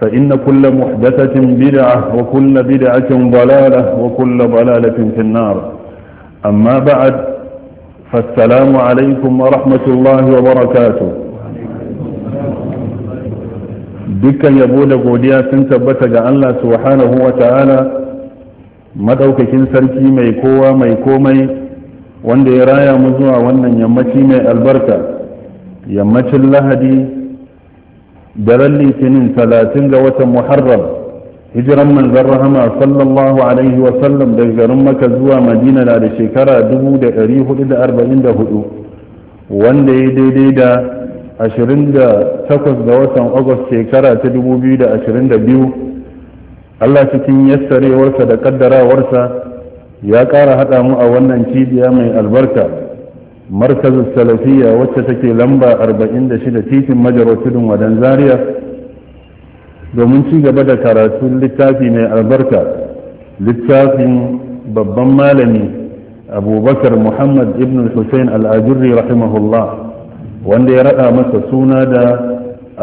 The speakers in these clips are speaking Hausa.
فإن كل محدثة بدعة وكل بدعة ضلالة وكل ضلالة في النار أما بعد فالسلام عليكم ورحمة الله وبركاته دكا يبود قوديا سنتبتك ألا سبحانه وتعالى مدوك كنسركي ميكوا ميكومي وان ديرايا مزوع وان ينمشي البركة ينمشي اللهدي daren litinin talatin ga watan muharram hijiran manzon rahama sallallahu alaihi sallam daga garin maka zuwa madina na da shekara 1444 wanda ya daidai da 28 ga watan agus shekara ta 2022 allah cikin yassarewarsa da kaddarawarsa ya ƙara haɗa mu a wannan cibiya mai albarka markazin salafiya wacce take lamba shida titin majarar tudun zaria domin ci gaba da karatun littafi mai albarka littafin babban malami abubakar muhammad ibn hussein al'ajirri rahimahullah wanda ya rada masa suna da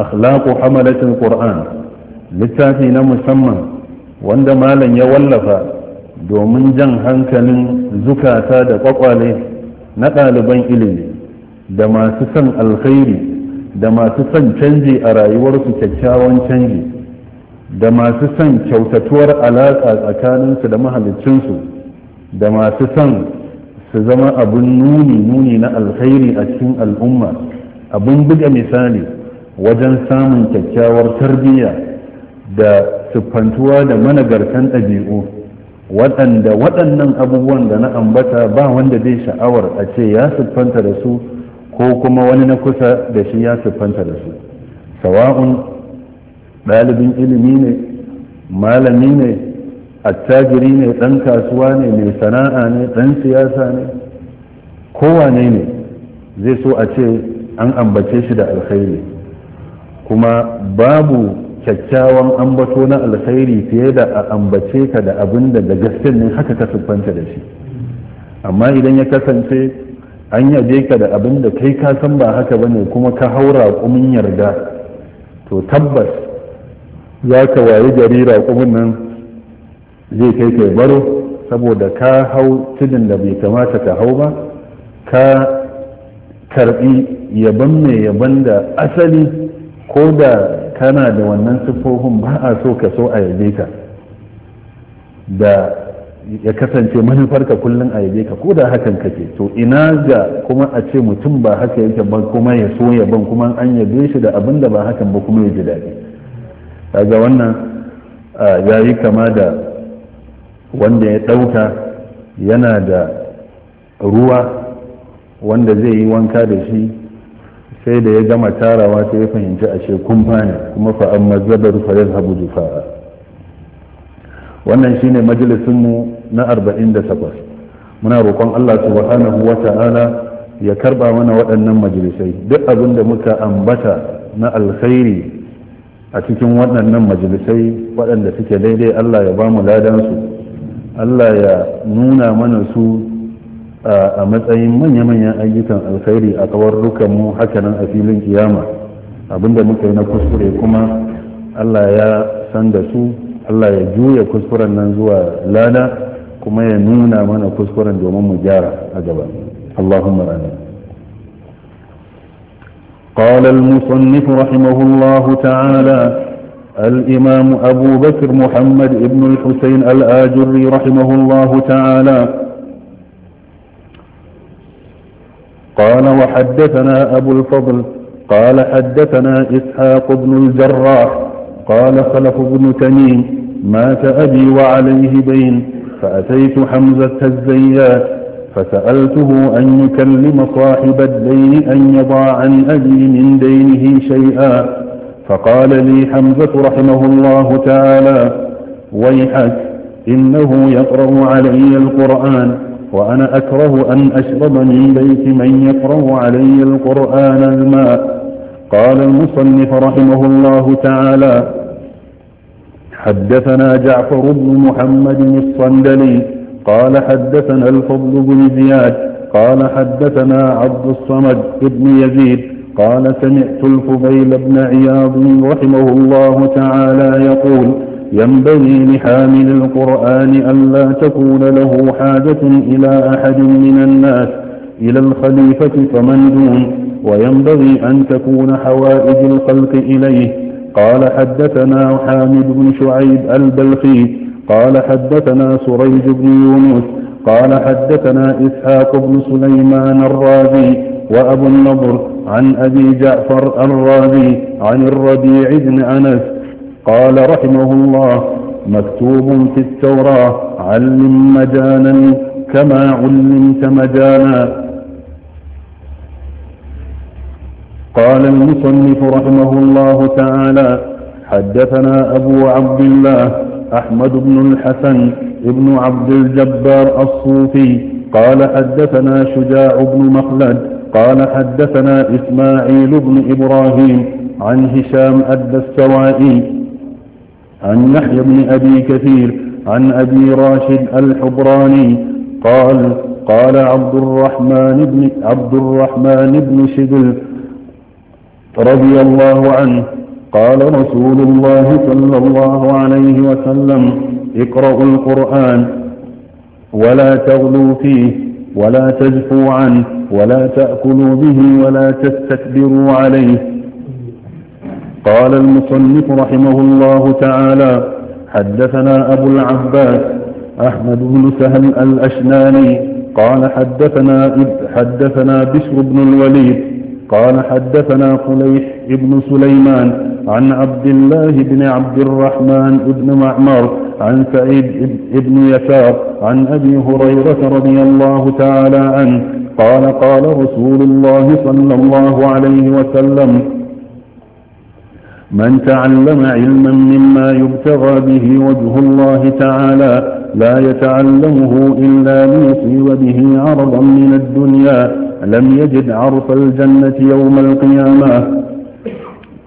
akhlaqu hamalatin qur'an littafi na musamman wanda malam ya wallafa domin jan hankalin zukata da kwakwale na ɗaliban ilimi da masu son alkhairi da masu son canji a rayuwarsu kyakkyawan canji da masu son kyautatuwar alaƙa tsakaninsu da mahalicinsu da masu son su zama abin nuni nuni na alkhairi a cikin al'umma abin buga misali wajen samun kyakkyawar tarbiyya da siffantuwa da managartan ɗabi'u waɗanda waɗannan abubuwan da na ambata ba wanda zai sha'awar a ce ya siffanta da su ko kuma wani na kusa da shi ya siffanta da su sawa'un ɗalibin ilimi ne malami ne attajiri ne ɗan kasuwa ne mai sana'a ne ɗan siyasa ne kowane ne zai so a ce an ambace shi da alkhairi kuma babu kyakkyawan ambato na alkhairi fiye da a ambace ka da abin da da gaske ne haka ka siffanta da shi amma idan ya kasance an yaje ka da abin da kai ka san ba haka bane kuma ka haura kumin yarda to tabbas ya ka wayi gari raƙumin nan zai kai kai baro saboda ka hau tudun da bai kamata ka hau ba ka karbi yaban mai yaban da asali ko da kana da wannan siffofin ba a so ka so a yabe ka da ya kasance manufarka kullum a yabe ka ko da hakan kake to ina ga kuma a ce mutum ba haka yake ba kuma ya so ya ban kuma an yabe shi da abin da ba hakan ba kuma ya ji daɗi daga wannan ya yi kama da wanda ya ɗauka yana da ruwa wanda zai yi wanka da shi sai da ya gama tarawa sai ya fahimci ashe kumfa kuma fa amma zabar fa jufa'a wannan shine majalisin mu na 48 muna roƙon Allah subhanahu ta'ala ya karba mana waɗannan majalisai duk abin da muka ambata na alkhairi a cikin waɗannan majalisai waɗanda suke daidai Allah ya ba mu ladansu Allah ya nuna mana su a matsayin manya-manyan ayyukan alkhairi a kawar kawarrukan mu hakanan a filin kiyama abinda muka yi na kuskure kuma Allah ya san da su Allah ya juya kuskuren nan zuwa lada kuma ya nuna mana kuskuren domin mu gyara a gaba Allahumma amin قال المصنف رحمه الله تعالى الإمام أبو بكر محمد ابن الحسين الآجري رحمه الله تعالى قال وحدثنا أبو الفضل قال حدثنا إسحاق بن الجراح قال خلف بن تميم مات أبي وعليه دين فأتيت حمزة الزيات فسألته أن يكلم صاحب الدين أن يضع عن أبي من دينه شيئا فقال لي حمزة رحمه الله تعالى ويحك إنه يقرأ علي القرآن وأنا أكره أن أشرب من بيت من يقرأ علي القرآن الماء قال المصنف رحمه الله تعالى حدثنا جعفر بن محمد الصندلي قال حدثنا الفضل بن زياد قال حدثنا عبد الصمد بن يزيد قال سمعت الفضيل بن عياض رحمه الله تعالى يقول ينبغي لحامل القرآن ألا تكون له حاجة إلى أحد من الناس إلى الخليفة فمن دون وينبغي أن تكون حوائج الخلق إليه قال حدثنا حامد بن شعيب البلخي قال حدثنا سريج بن يونس قال حدثنا إسحاق بن سليمان الرازي وأبو النضر عن أبي جعفر الرازي عن الربيع بن أنس قال رحمه الله مكتوب في التوراة علم مجانا كما علمت مجانا قال المصنف رحمه الله تعالى حدثنا أبو عبد الله أحمد بن الحسن ابن عبد الجبار الصوفي قال حدثنا شجاع بن مخلد قال حدثنا إسماعيل بن إبراهيم عن هشام الدستوائي عن يحيى بن أبي كثير عن أبي راشد الحبراني قال قال عبد الرحمن بن عبد الرحمن بن شبل رضي الله عنه قال رسول الله صلى الله عليه وسلم اقرأوا القرآن ولا تغلوا فيه ولا تزفوا عنه ولا تأكلوا به ولا تستكبروا عليه قال المصنف رحمه الله تعالى حدثنا أبو العباس أحمد بن سهل الأشناني قال حدثنا حدثنا بشر بن الوليد قال حدثنا قليح بن سليمان عن عبد الله بن عبد الرحمن بن معمر عن سعيد بن يسار عن أبي هريرة رضي الله تعالى عنه قال قال رسول الله صلى الله عليه وسلم من تعلم علما مما يبتغى به وجه الله تعالى لا يتعلمه إلا ليصيب به عرضا من الدنيا لم يجد عرف الجنة يوم القيامة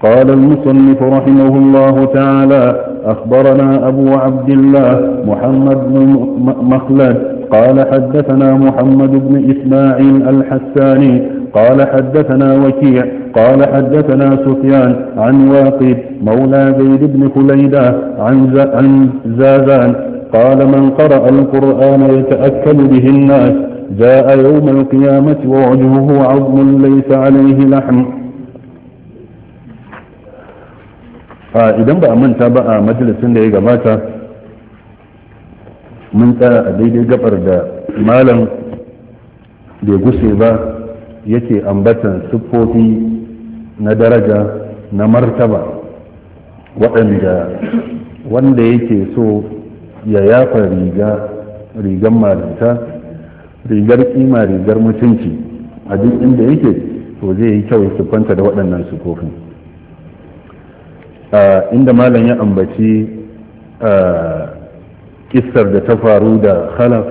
قال المصنف رحمه الله تعالى أخبرنا أبو عبد الله محمد بن مخلد قال حدثنا محمد بن إسماعيل الحساني قال حدثنا وكيع قال حدثنا سفيان عن واقد مولى زيد بن خليدة عن, عن زازان قال من قرأ القرآن يتأكل به الناس جاء يوم القيامة ووجهه عظم ليس عليه لحم فإذا ba من manta مجلس a mun tsara a daidai gabar da malam bai guse ba yake ambatan siffofi na daraja na martaba waɗanda wanda yake so ya yafa riga rigar marita rigar kima rigar mutunci a duk inda yake to zai yi kyau kwanta da waɗannan siffofin inda malam ya ambaci kissar da ta faru da khalaf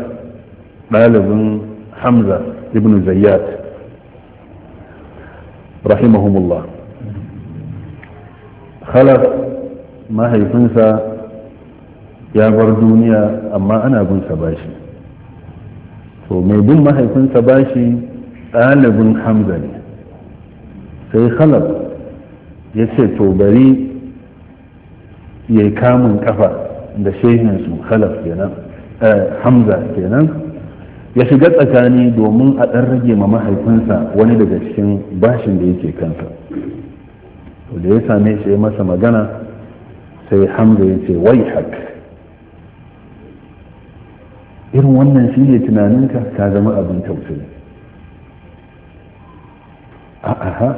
ɗalibin hamza ibn zayyat rahimahumullah khalaf mahaifinsa ya bar duniya amma ana bin sa bashi to mai bin mahaifinsa bashi ɗalibin hamza ne sai khalaf ya ce to bari ya kamun kafa da shehinsu khalaf kenan eh, hamza kenan ya shiga tsakani domin a ɗan rage ma mahaifinsa wani daga cikin bashin da yake kansa da ya same shi masa magana sai hamza ya ce wai hak irin wannan shi ne tunaninka ka zama abin tausayi a'a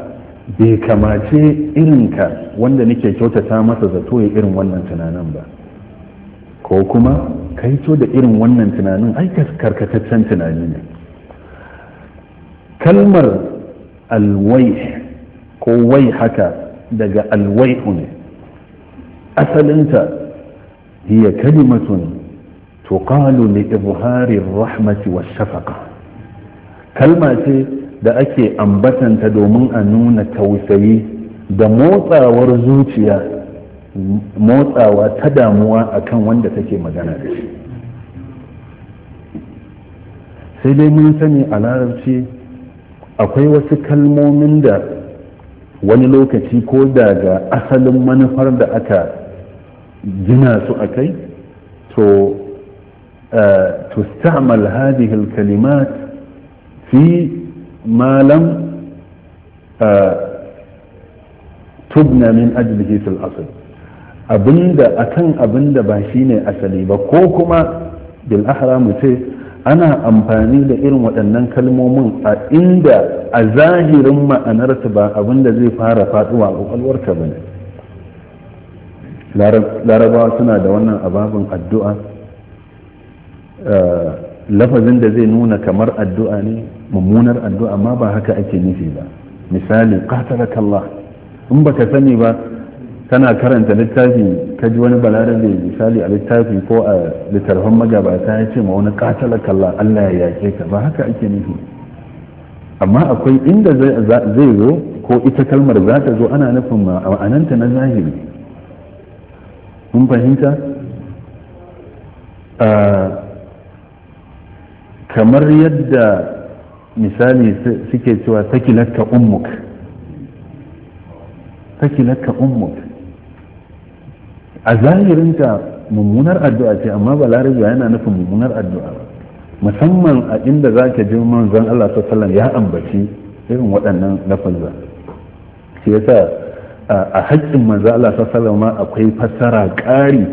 bai kamace irinka wanda nake kyautata masa zato ya irin wannan tunanin ba ko kuma kai to da irin wannan tunanin ai karkataccen tunani ne kalmar alwai ko wai haka daga alwaihu ne asalinta hiya kalimatun tuqalu li izhari rahmati wa shafaqa kalma ce da ake ambatanta domin a nuna tausayi da motsawar zuciya motsawa ta damuwa akan wanda take magana da shi sai dai mun sani a larabci akwai wasu kalmomin da wani lokaci ko daga asalin manufar da aka gina su a kai to تستعمل eh, hadihil kalimat fi malam eh, tubnamin تبنى من abinda akan abinda ba shi ne asali ba ko kuma bil mu ce ana amfani da irin waɗannan kalmomin a inda a zahirin ma'anarta ba abinda zai fara faɗuwa a ƙwaƙwalwarka ba ne larabawa suna da wannan ababin addu'a eh, lafazin da zai nuna kamar addu'a ne mummunar addu'a amma ba haka ake nufi ba misali qatalakallah in baka sani ba kana karanta littafi ka ji wani balarabe misali a littafi ko a littattafan magabata ya ce ma wani katala kalla Allah ya yake ka ba haka ake nufi amma akwai inda zai zo ko ita kalmar za ta zo ana nufin ma'ananta na zahiri mun fahimta kamar yadda misali suke cewa takilakka ummuk takilakka ummuk a zahirinta mummunar addu'a ce amma balarabe yana nufin mummunar addu'a ba musamman a inda za ka ji manzon Allah sallallahu ya ambaci irin waɗannan lafazza shi yasa a haƙƙin manzon Allah sallallahu ma akwai fassara ƙari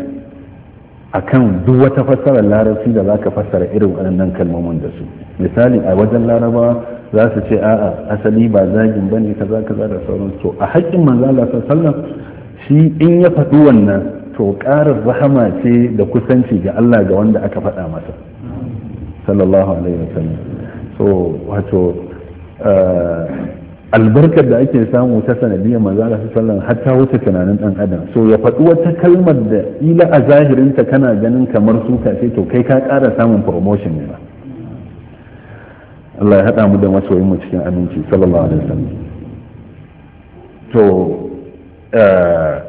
akan duk wata fassarar larabci da za ka fassara irin waɗannan kalmomin da su misali a wajen larabawa za su ce a'a asali ba zagin ba ne kaza kaza da sauran to a haƙƙin manzo Allah sallallahu shi in ya faɗi wannan to ƙarar rahama ce da kusanci ga Allah ga wanda aka faɗa masa sallallahu alaihi wasallam so wato eh, albarkar da ake samu ta sanadiyar manzo Allah sallallahu har ta wuce tunanin dan adam so ya faɗi wata kalmar da ila a zahirinta kana ganin kamar suka ce to kai ka ƙara samun promotion ne ba Allah ya haɗa mu da masoyin mu cikin aminci sallallahu alaihi wasallam to eh,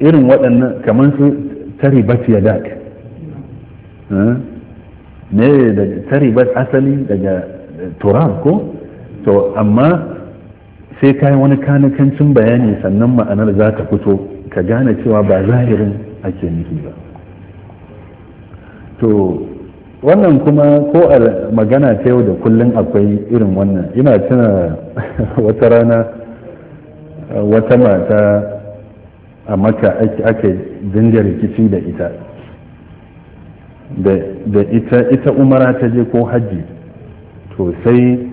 irin waɗannan kamar su taribat ya dak ne eh? da taribat asali daga turab ko to amma sai kayi wani kanakancin bayani sannan ma'anar za ta fito ka gane cewa ba zahirin ake nufi ba to wannan kuma ko a magana ta yau da kullum akwai irin wannan ina tuna wata rana wata mata a maka ake dinga rikici da ita da ita ita umara ta je ko hajji to sai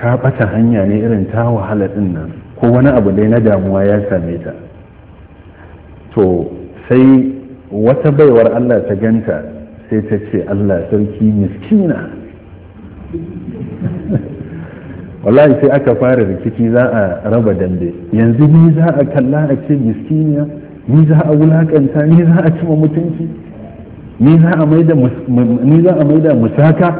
ta bata hanya ne irin ta wahala din nan ko wani abu dai na damuwa ya same ta to sai wata baiwar allah ta ganta sai ta ce allah sarki miskina wallahi sai aka fara rikici za a raba dambe yanzu ni za a kalla a ce miskiniya ni za a wulakanta ni za a cima mutunci ni za a maida musaka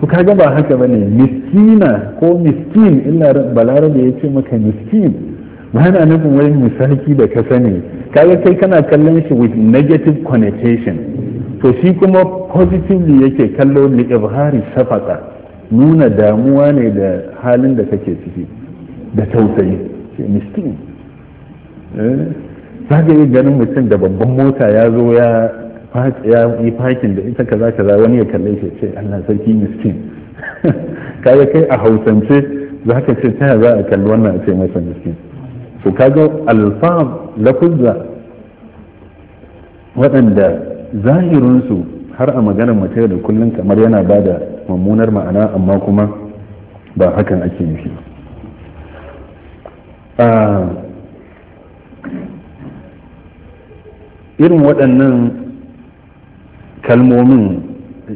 ku kaga ba haka bane miskina ko miskin illa balarabe ya ce maka miskin ba na nufin wani misaki da ka sani kaga kai kana kallon shi with negative connotation to shi kuma positively yake kallo li ibhari safaka nuna damuwa ne da halin da kake ciki da tausayi ce miskin eh? za ka yi ganin mutum da babban mota ya zo ya yi fakin da ita kaza kaza wani ya kalle shi ce allah sarki miskin kaga kai a hausance za ka ce ta za a kalli wannan a ce masa miskin to kaga alfam lafuzza waɗanda zahirinsu har a maganar mace da kullum kamar yana ba da mummunar ma'ana amma kuma ba hakan ake nufi irin waɗannan kalmomin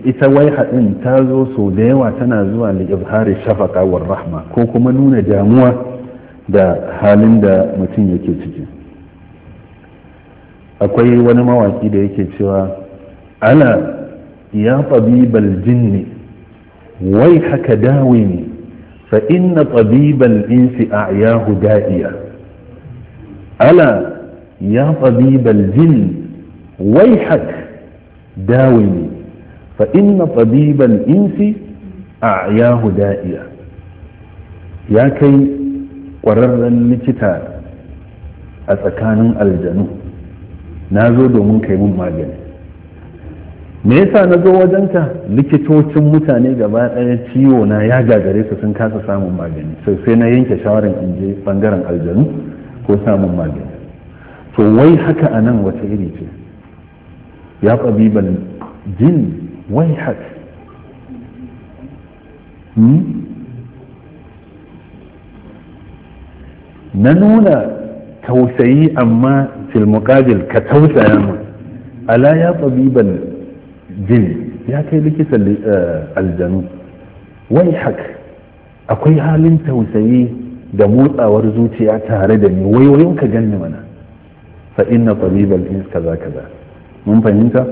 ita wai haɗin ta zo so da yawa tana zuwa da ibhari shafaka wa rahma ko kuma nuna damuwa da halin da mutum yake ciki akwai wani mawaki da yake cewa ana يا طبيب الجن ويحك داويني فإن طبيب الإنس أعياه دائية ألا يا طبيب الجن ويحك داويني فإن طبيب الإنس أعياه دائية يا كي قرر لكتاب أتكان tsakanin aljanu na zo ما kai me yasa na zo wajenka likitocin mutane gaba ɗaya ciwo na ya gagare su sun kasa samun magani sai na yanke shawarar in je bangaren aljanu ko samun magani to wai haka a nan wace iri ce ya ƙabiban jin wai haka hmm? na nuna tausayi amma filmukajil ka tausaya mu ala ya ƙabiban jini ya kai likitan eh, aljanu wai hak akwai halin tausayi da motsawar zuciya tare da ni waiwayon ka ganni mana fa inna tabibal ins kaza kaza mun fahimta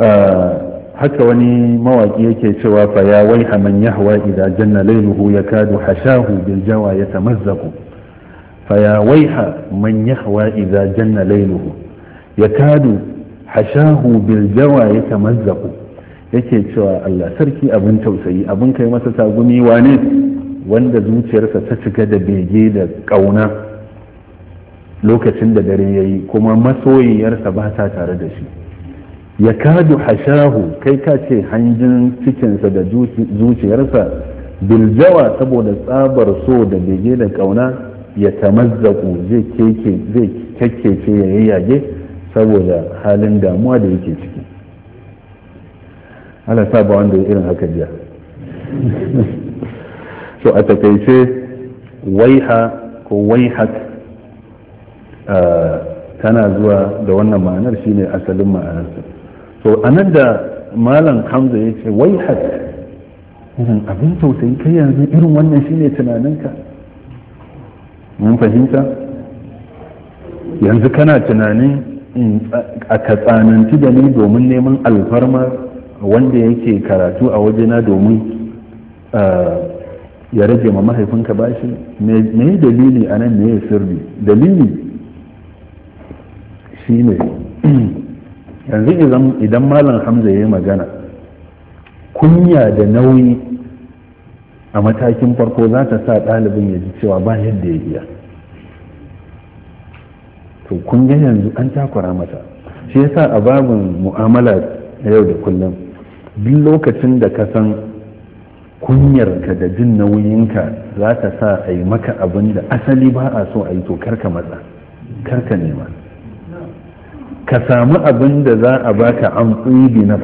eh, haka wani mawaki yake cewa fa ya wai man yahwa idza janna layluhu yakadu hashahu bil jawa yatamazzaqu fa ya wai man yahwa idza janna layluhu yakadu hashahu bil jawa ya tamazzaku yake cewa Allah sarki abin tausayi abin kai masa tagumi wane wanda zuciyarsa ta cika da bege da kauna lokacin da dare yayi yi kuma masoyiyarsa ba ta tare da shi ya kadu hashahu kai ka ce hanjin cikinsa da zuciyarsa biljawa saboda tsabar so da bege da ƙauna ya tamazzaku zai kekece ya yayyage saboda halin damuwa da yake ciki ana sa ba wanda ya irin haka jiya so a takaice waiha ko waihat uh, tana zuwa da wannan ma'anar shine asalin ma'anarsa so anan da malam hamza ya ce waihat irin abin tausayi kai yanzu irin wannan shine tunaninka mun fahimta yanzu kana tunanin ka tsananci da ni domin neman alfarma wanda yake karatu a wajena domin ya rage ma mahaifinka bashi me dalili a nan ya sirri dalili shi ne yanzu idan malam hamza ya yi magana kunya da nauyi a matakin farko za ta sa ɗalibin ya ji cewa ba yadda ya biya. to kun ga yanzu an takura masa shi yasa a babin mu'amala na yau da kullum duk lokacin da ka san kunyarka da jin nauyinka za ta sa a yi maka abin da asali ba a so a yi to karka matsa karka nema ka samu abin da za a baka an tsibi na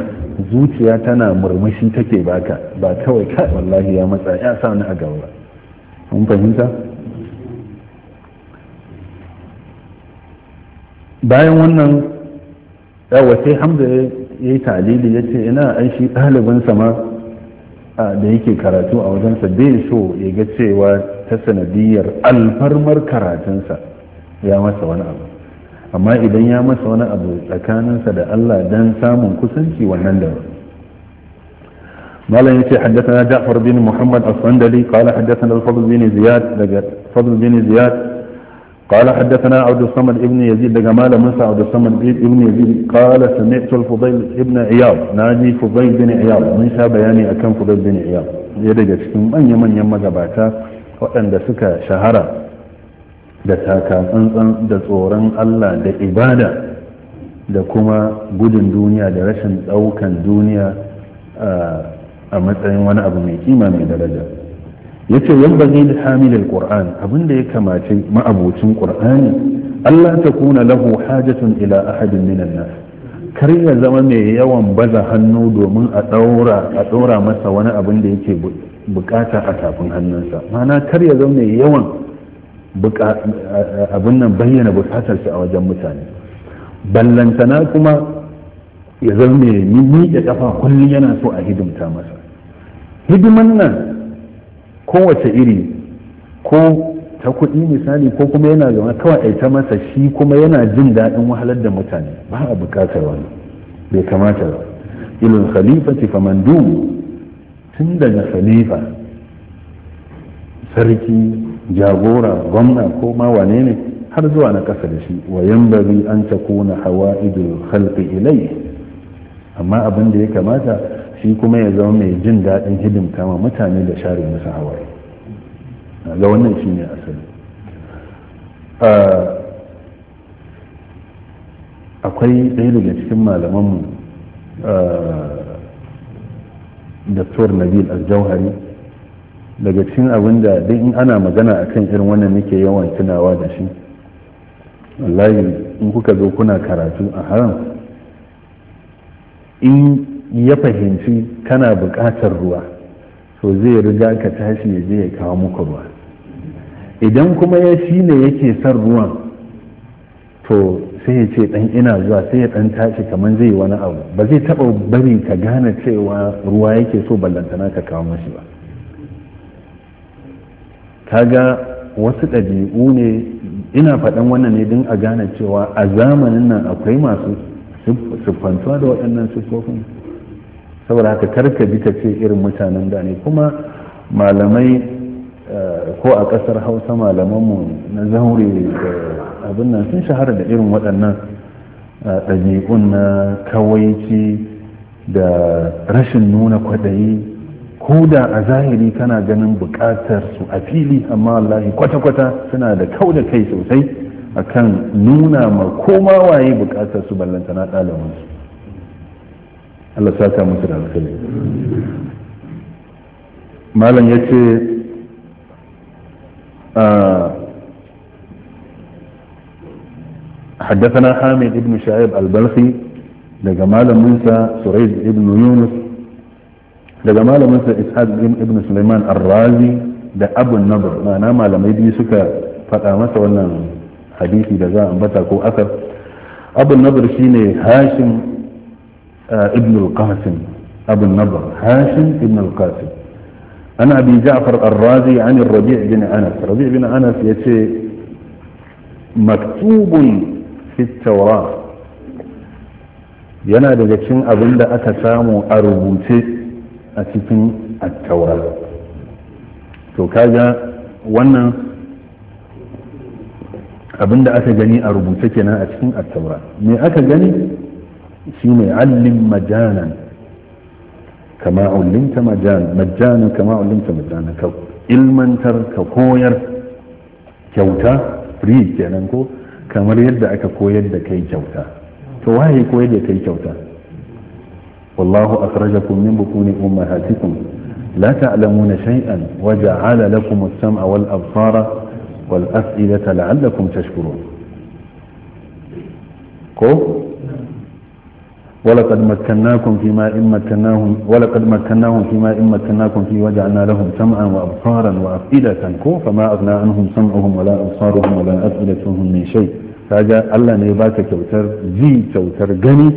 zuciya tana murmushi take baka ba kawai ka wallahi ya matsa ya sa ni a gaba mun fahimta bayan wannan yawa sai hamza ya yi talili ya ce ina an shi ɗalibin sama da yake karatu a wajensa bai so ya ga cewa ta sanadiyar alfarmar karatunsa ya masa wani abu amma idan ya masa wani abu tsakaninsa da Allah dan samun kusanci wannan da مالا يتي حدثنا جعفر بن محمد الصندلي قال حدثنا الفضل بن زياد فضل بن زياد قال حدثنا عبد الصمد ابن يزيد دجمال موسى عبد الصمد ابن يزيد قال سمعت الفضيل ابن عياض ناجي فضيل بن عياض من شاء بياني أكن فضيل بن عياض يدج cikin manyan manyan magabata waɗanda suka shahara da taka tsantsan da tsoron Allah da ibada da kuma gudun duniya da rashin ɗaukan duniya a matsayin wani abu mai kima mai daraja yace yanbaghi li hamil abin abinda ya kamace ma'abocin qur'ani Allah ta kuna lahu hajatun ila ahadin minan nas kar ya zama mai yawan baza hannu domin a daura a daura masa wani abin da yake bukata a tafin hannunsa mana kar ya zama mai yawan abin nan bayyana bukatarsa a wajen mutane ballantana kuma ya zama mai miƙe kafa kullum yana so a hidimta masa hidiman nan kowace iri ko ta kuɗi misali ko kuma yana zama kawai a ta masa shi kuma yana jin daɗin wahalar da mutane ba a buƙatar wani bai kamata ba khalifa ce fa mandu tun daga khalifa sarki jagora gwamna ko ma wane ne har zuwa na ƙasa da shi wa yambari an ta kuna hawa idul khalqi ilai amma abin da ya kamata shi kuma ya zama mai jin daɗin hidimta ma mutane da share musu hawaye ga wannan shi ne asali akwai ɗaya daga cikin malamanmu dr nabil aljauhari daga cikin abin da duk in ana magana a kan irin wannan nake yawan tunawa da shi wallahi in kuka zo kuna karatu a haram in ya fahimci kana buƙatar ruwa to zai riga ka tashi ya je ya kawo muku ruwa idan kuma ya shi ne yake son ruwan to sai ya ce dan ina zuwa sai ya dan tashi kamar zai yi wani abu ba zai taba bari ka gane cewa ruwa yake so ballantana ka kawo mashi ba kaga wasu ɗabi'u ne ina faɗan wannan ne don a gane cewa a zamanin nan akwai masu siffantuwa da waɗannan siffofin saboda haka karka bi ka ce irin mutanen da ne kuma malamai eh, ko a kasar hausa malamanmu na zaure da abin nan sun shahara da irin waɗannan eh, ɗabi'un na kawaici da rashin nuna kwaɗayi ko da a zahiri kana ganin buƙatar su a fili amma wallahi kwata-kwata suna da kau da kai sosai akan nuna ma koma waye buƙatar su ballantana ɗalibansu Allah saka musu da alkhairi malam ya ce حدثنا حامد بن شعيب البلخي لقى مال منسى سعيد بن يونس لقى مال منسى إسحاق بن سليمان الرازي ده أبو النضر ما أنا ما لم يدي سكا فقامت ولا حديثي ده أنبتا كو أثر أبو النضر شيني هاشم آه، ابن القاسم ابو النضر هاشم ابن القاسم انا ابي جعفر الرازي عن الربيع بن انس الربيع بن انس يتي مكتوب في التوراة ينا دجا شن ابن دا اكا سامو اربوتي اتفن التوراة تو كاجا وانا ابن دا اكا جني اربوتي كنا اتفن التوراة مي اكا جني shine allim majanan kama ullimta majanan majanan kama ullimta majanan ka ilmantar ka koyar kyauta free kenan ko kamar yadda aka koyar da kai kyauta to waye koyar da kai kyauta wallahu akhrajakum min bukuni ummahatikum la ta'lamuna shay'an wa ja'ala lakum as-sam'a wal absara wal af'idata la'allakum tashkurun ko ولقد مكناكم فيما إن مكناهم ولقد مكناهم فيما إن مكناكم فيه وجعلنا لهم سمعا وأبصارا وأفئدة فما أغنى عنهم سمعهم ولا أبصارهم ولا أفئدتهم من شيء فجاء الله نيباك كوتر زي كوتر جني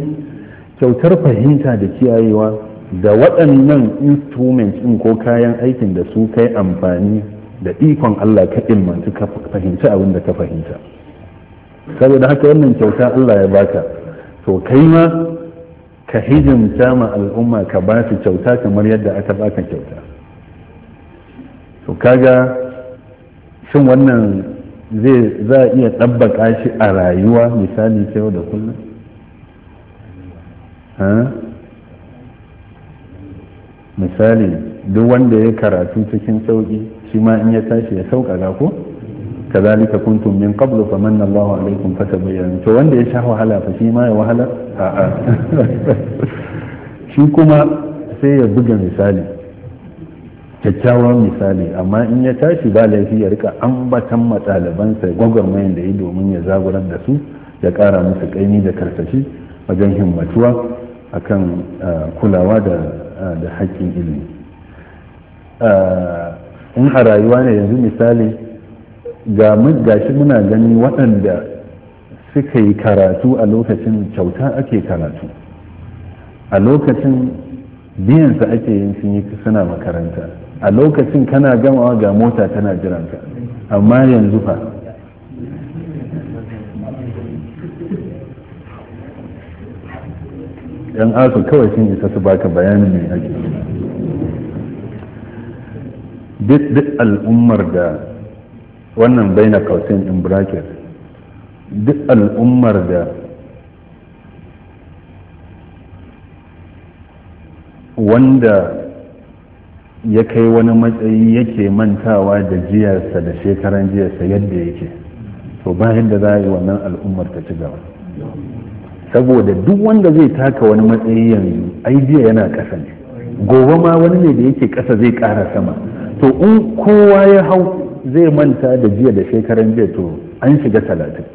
كوتر فهمتا دكي أيوة da waɗannan instruments in ko kayan aikin da su kai amfani da ikon Allah ka ilmanci ka fahimci abin da ka fahimta saboda haka wannan kyauta Allah ya baka to kai ma ka hijimta ma al'umma ka ba su kyauta kamar yadda aka baka kyauta to kaga shin wannan zai za a iya ɗabbaka shi a rayuwa misali ta yau da kullum misali duk wanda ya karatu cikin sauƙi shi ma in ya tashi ya sauƙaƙa ko? kazalika kuntum min qablu famanna Allahu alaikum fatabayyanu to wanda ya sha wahala fa shi ma ya wahala a'a shi kuma sai ya buga misali kyakkyawan misali amma in ya tashi ba laifi ya rika ambatan matsalabansa gwagwarmayan da yi domin ya zaburar da su ya kara musu kaini da karsashi wajen himmatuwa akan kulawa da haƙƙin ilimi in a rayuwa ne yanzu misali ga shi muna gani waɗanda suka yi karatu a lokacin kyauta ake karatu a lokacin biyansa ake yin sun yi suna makaranta a lokacin kana gamawa ga mota tana jiranta amma yanzu fa yan asu kawai sun isa su baka bayanin mai ake duk al'ummar da wannan baina kausin in bracket duk al'ummar da wanda ya kai wani matsayi yake mantawa da jiyarsa da shekaran jiyarsa yadda yake to bayan da za a yi wannan al'ummar ta ci gaba saboda duk wanda zai taka wani matsayi yanzu ai jiya yana ƙasa ne gobe ma wani ne da yake ƙasa zai ƙara sama to in kowa ya hau zai manta da jiya da shekaran jiya to an shiga talatin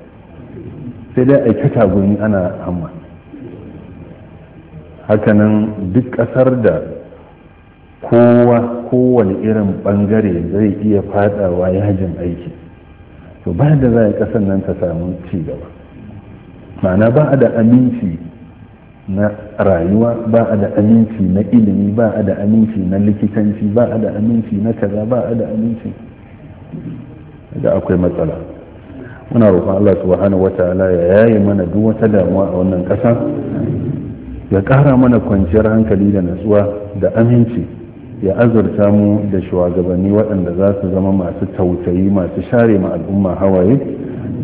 sai dai aiki tagumi ana hamma hakanan duk ƙasar da kowa kowane irin bangare zai iya fadawa yajin aiki to ba da za a kasar nan ta samu ci gaba ma'ana ba a da aminci na rayuwa ba a da aminci na ilimi ba a da aminci na likitanci ba a da aminci na kaza ba a da aminci da akwai matsala muna roƙon Allah subhanahu wataala ya yaye mana duk wata damuwa a wannan ƙasa ya ƙara mana kwanciyar hankali da natsuwa da aminci ya azurta mu da shugabanni waɗanda za su zama masu tausayi masu share ma al'umma hawaye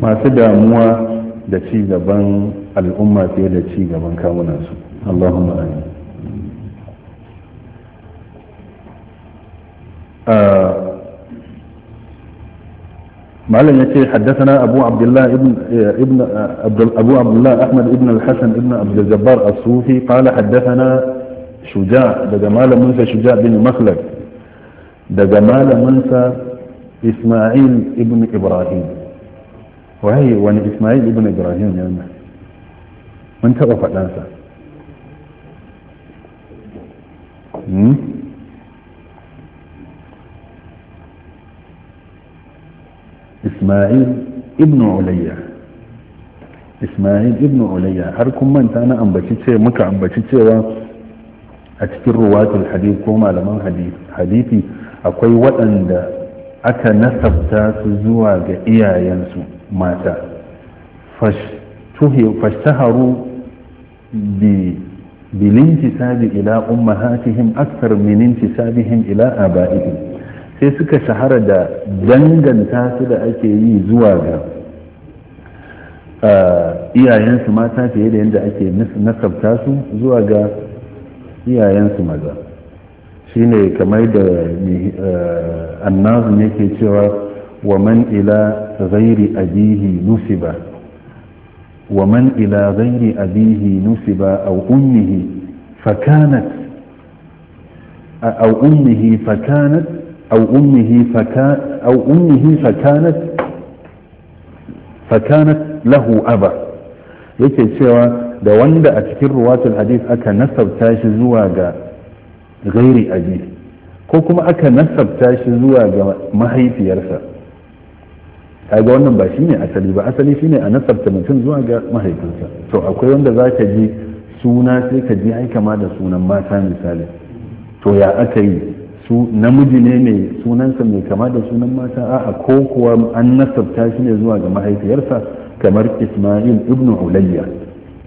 masu damuwa da ci gaban al'umma fiye da ci gaban allahumma amin ah, معلم شيخ حدثنا أبو عبد الله ابن آه، ابن آه، أبو عبد الله أحمد ابن الحسن ابن عبد الجبار الصوفي قال حدثنا شجاع ده جمال منسى شجاع بن مخلد ده جمال منسى إسماعيل ابن إبراهيم وهي وأنا إسماعيل ابن إبراهيم يا يعني من تقف الأنسى isma'il ibn ulayya isma'il ibn ulayya har kun manta na ambaci ce muka ambaci cewa a cikin ruwatul hadith ko malaman hadithi akwai waɗanda aka nasabta su zuwa ga iyayensu mata fashtaharu bilinci sabi ila ummahatihim akthar min intisabihim ila aba'ihim sai suka shahara da danganta su da ake yi zuwa ga uh, iyayensu mata fiye da yadda ake nasabta su zuwa ga iyayensu maza shi ne kamar da uh, ne yake cewa wa man ila zairi abihi nusiba wa man ila zairi abihi nusiba a ummihi fakanat A أمه fakanat. أو أمه, فكان أو أمه فكانت فكانت له أبا yake cewa da wanda a cikin ruwatul hadith aka nasabta shi zuwa ga gairi aji ko kuma aka nasabta shi zuwa ga mahaifiyarsa kaga wannan ba shine asali ba asali shine a nasabta mutum zuwa ga mahaifinsa to akwai wanda za ka ji suna sai ka ji ai da sunan mata misali to ya aka yi su namiji ne mai sunansa mai kama da sunan mata a'a ko kuwa an nasabta shi ne zuwa ga mahaifiyarsa kamar isma'il ibnu ulayya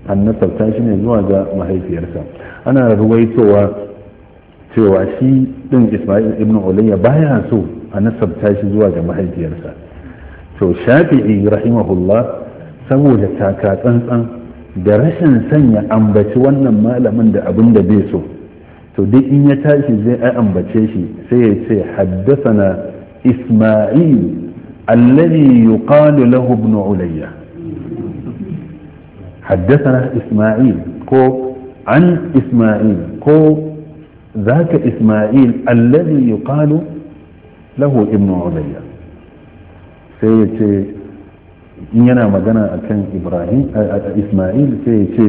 an nasabta shi ne zuwa ga mahaifiyarsa ana ruwaitowa cewa shi din isma'il ibnu ulayya baya so a nasabta shi zuwa ga mahaifiyarsa to shafi'i rahimahullah saboda taka tsantsan da rashin sanya ambaci wannan malamin da abin da bai so to duk in ya tashi zai ambace shi sai ya ce haddasana isma'il alladhi yuqalu lahu ibn ulayya haddasana isma'il ko an isma'il ko ذاك إسماعيل ulayya sai ya ce in yana magana ينا مدنا isma'il sai ya ce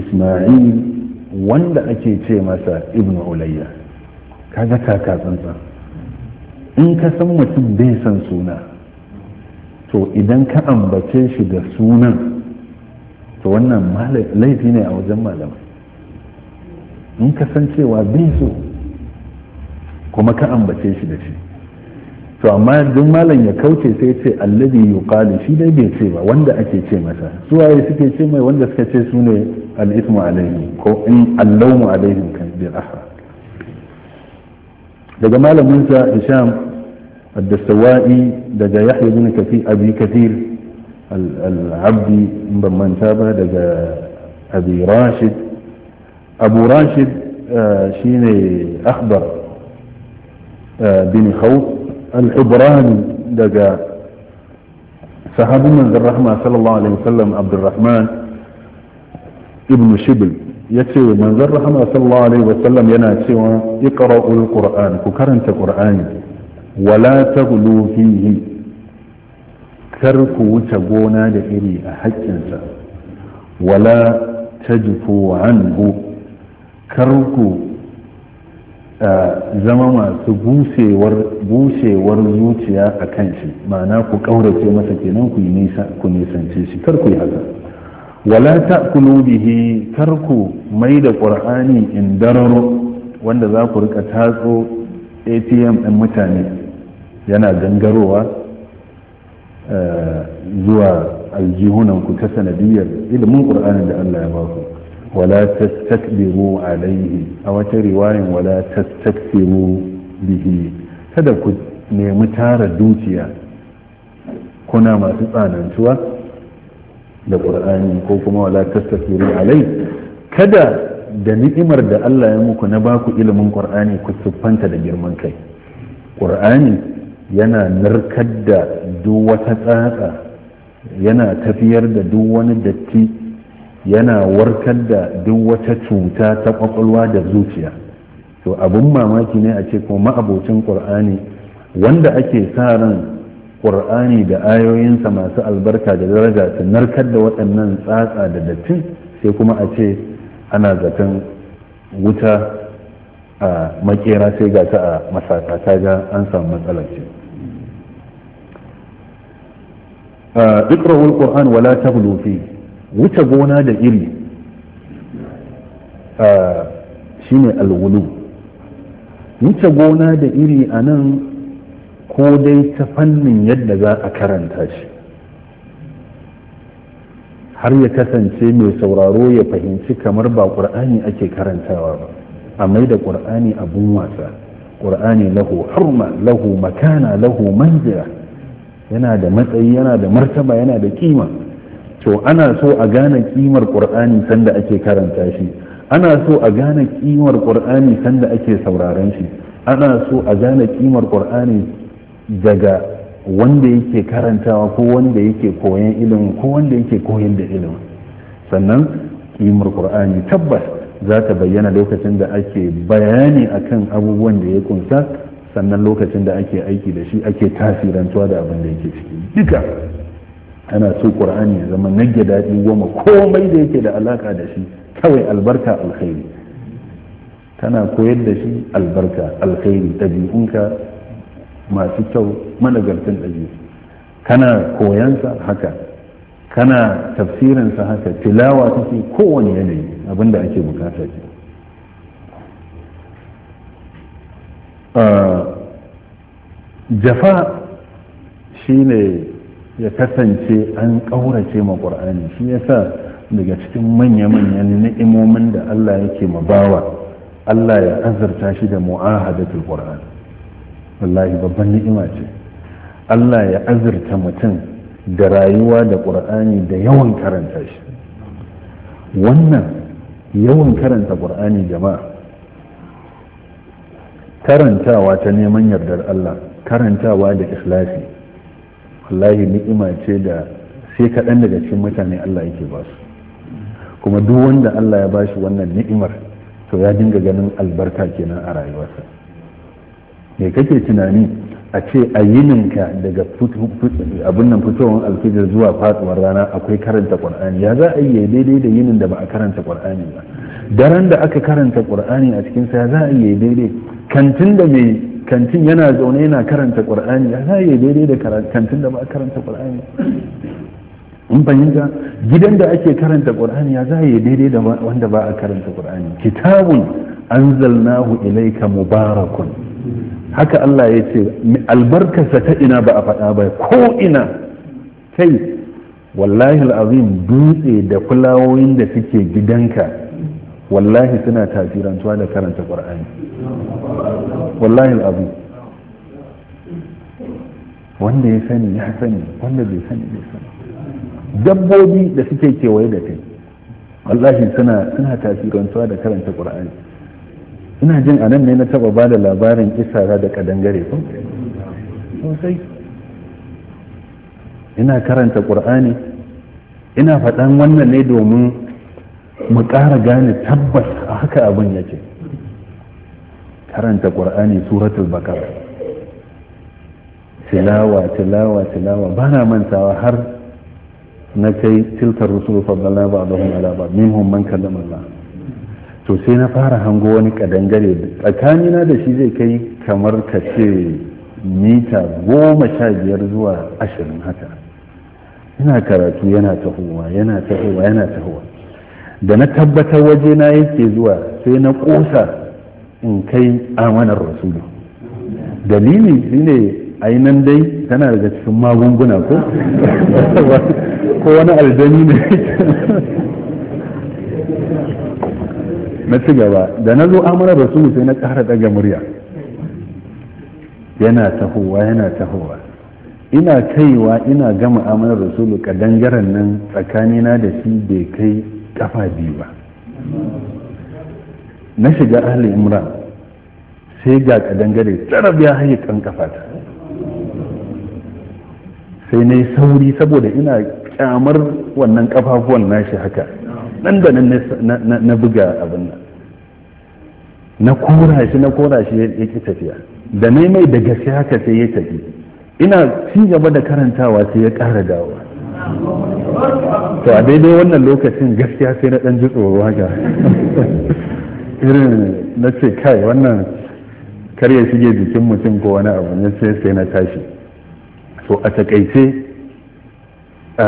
isma'il. wanda ake ce masa ibnu ulayya kaga kaka tsantsan in ka san mutum bai san suna to idan ka ambace shi da sunan to wannan laifi ne a wajen malamai in ka san cewa bai so kuma ka ambace shi da shi to amma duk malam ya kauce sai ce allazi yuqalu shi dai bai ce ba wanda ake ce masa su waye suke ce mai wanda suka ce su ne al ithmu alayhi ko in allawmu alayhim kan bi ahra daga malamin sa isham ad dawai daga Yahya bin kafi Abi Kathir al-Abdi ban manta ba daga Abi Rashid Abu Rashid shine akhbar bin Khawf العبران دقا صحابي من الرحمة صلى الله عليه وسلم عبد الرحمن ابن شبل يتسوي من ذر رحمة صلى الله عليه وسلم يناتسوى اقرأوا القرآن كرنت قرآن ولا تغلو فيه تركوا تقونا لإلي أحجنسا ولا تجفوا عنه كركوا zama masu bushewar zuciya a kan shi ma'ana ku ƙaurace masa kenan ku nisance shi kar ku yi haka wala ta bihi kar ku mai da qur'ani in dararo wanda za ku rika tatso ATM ɗin mutane yana gangarowa eh, zuwa aljihunan ku ta sanadiyar ilimin qur'anin da Allah ya ba ku wala tastakbiru alaihi a wata riwayan wala tastakbiru bihi kada ku nemi tara dukiya kuna masu tsanantuwa da ƙur'ani ko kuma wala tastakbiru alaihi kada da ni'imar da Allah ya muku na baku ilimin ƙur'ani ku siffanta da girman kai ƙur'ani yana narkar da duk wata tsatsa yana tafiyar da duk wani datti yana warkar da duk wata cuta ta kwakwalwa da zuciya to abun mamaki ne a ce kuma ma'abocin ƙur'ani wanda ake sa ran ƙur'ani da ayoyinsa masu albarka da daraja su narkar da waɗannan tsatsa da dattin sai kuma a ce ana zaton wuta a makera sai ga ta a masaka ta ga an samu matsalar ce ikrahul qur'an wala ta fi wuce gona da iri shine alwulu wuce gona da iri a nan ko dai ta fannin yadda za a karanta shi har ya kasance mai sauraro ya fahimci kamar ba ƙur'ani ake karantawa ba a mai da ƙur'ani abun wasa ƙur'ani lahu harma lahu makana lahu manzira yana da matsayi yana da martaba yana da kima to ana so a gane kimar qur'ani sanda ake karanta shi ana so a gane kimar qur'ani sanda ake sauraron shi ana so a gane kimar qur'ani daga wanda yake karantawa ko wanda yake koyan ilimin ko wanda yake koyan da ilimin sannan kimar qur'ani tabbas za ta bayyana lokacin da ake bayani akan abubuwan da ya kunsa sannan lokacin da ake aiki da shi ake tasirantuwa da abin da yake ciki duka ana so qur'ani ya zama nage daɗi goma komai da yake da alaka da shi kawai albarka alkhairi tana koyar da shi albarka alkhairi ɗabi'unka masu kyau managartin ɗabi'u kana koyansa haka kana tafsirinsa haka tilawa take kowane yanayi da ake bukata ce ah, jafa shine ya kasance an ƙaurace ma ƙur'ani shi yasa daga cikin manya-manyan ni'imomin da Allah yake ma bawa Allah ya azurta shi da mu'ahadatul Qur'an wallahi babban ni'ima ce Allah ya azurta mutum da rayuwa da Qur'ani da yawan karanta shi wannan yawan karanta ƙur'ani jama'a karantawa ta neman yardar Allah karantawa da ikhlasi wallahi ni'ima ce da sai kaɗan daga cikin mutane Allah yake ba su kuma duk wanda Allah ya bashi wannan ni'imar to ya dinga ganin albarka kenan a rayuwarsa me kake tunani a ce a yininka daga abin nan fitowar alfijir zuwa faduwar rana akwai karanta ƙwar'ani ya za a yi daidai da yinin da ba a karanta ƙwar'ani ba daren da aka karanta qur'ani a cikinsa ya za a yi daidai kantin da mai kantin yana zaune yana karanta qur'ani ya za yi daidai da kantin da ba a karanta qur'ani in fahimta gidan da ake karanta qur'ani ya za yi daidai da wanda ba a karanta qur'ani kitabun anzalnahu ilayka mubarakun haka Allah ya ce albarkarsa ta ina ba a faɗa ba ko ina kai wallahi al'azim dutse da fulawoyin da suke gidanka wallahi suna tasirantuwa da karanta qur'ani wallahi abu wanda ya sani ya sani wanda bai sani bai sani dabbobi da suke kewaye da kai wallahi suna suna tasirantuwa da karanta qur'ani ina jin anan ne na taba bada labarin isara da kadangare ko sosai ina karanta qur'ani ina faɗan wannan ne domin mu ƙara gane tabbas a haka abin yake karanta ƙwar'ani suratul bakar tilawa tilawa tilawa ba na mantawa har na kai rusu rusul faddala ba a zahun alaba ba man kallama Allah to sai na fara hango wani kadangare tsakanina da shi zai kai kamar ka ce mita goma sha biyar zuwa ashirin haka yana karatu yana tahowa yana tahowa yana tahowa da na tabbatar waje na yake zuwa sai na ƙusa. in kai amanar rasulu dalili shine ne ainihin dai tana daga cikin magunguna ko ko wani aljani ne na ci gaba da na zo amanar rasulu sai na kara daga murya yana tahowa yana tahowa ina kaiwa ina gama amanar rasulu kadangaren nan tsakanina da shi bai kai kafa biyu ba na shiga ahli imran sai ga kadangare tsarab ya haye kan kafata sai na yi sauri saboda ina kyamar wannan kafafuwan nashi haka nan da nan na buga abin nan na kora shi na kora shi ya ki tafiya da nai mai da gaske haka sai ya tafi ina ci gaba da karantawa sai ya ƙara dawo to a daidai wannan lokacin gaskiya sai na ɗan ji tsoro haka irin na ce kai wannan kar ya shige jikin mutum ko wani abu na ce sai na tashi so a takaice a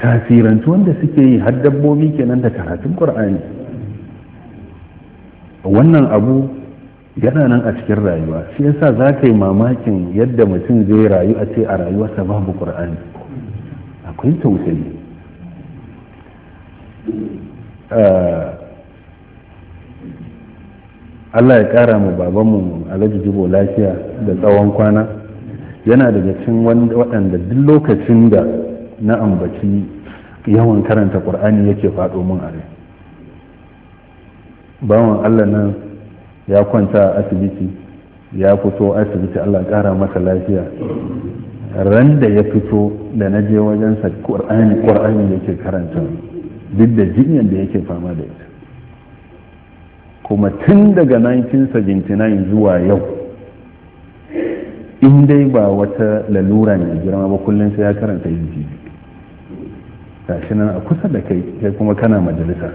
tasirantu wanda suke yi har dabbobi kenan da karatun qur'ani wannan abu yana nan a cikin rayuwa shi yasa za ka yi mamakin yadda mutum zai rayu a ce a rayuwarsa babu qur'ani akwai tausayi Allah ya kara mu babanmu Alhaji Jibo lafiya da tsawon kwana yana daga cikin waɗanda duk lokacin da na ambaci yawan karanta Qur'ani yake faɗo mun a rai bawan Allah nan ya kwanta a asibiti ya fito asibiti Allah kara masa lafiya ran da ya fito da na je wajensa ƙur'ani ƙur'ani yake karanta duk da jinyar da yake fama da ita kuma tun daga 1979 zuwa yau in dai ba wata lalura ne, girma ba kullum sai ya karanta inji shi nan a kusa da kai sai kuma kana majalisa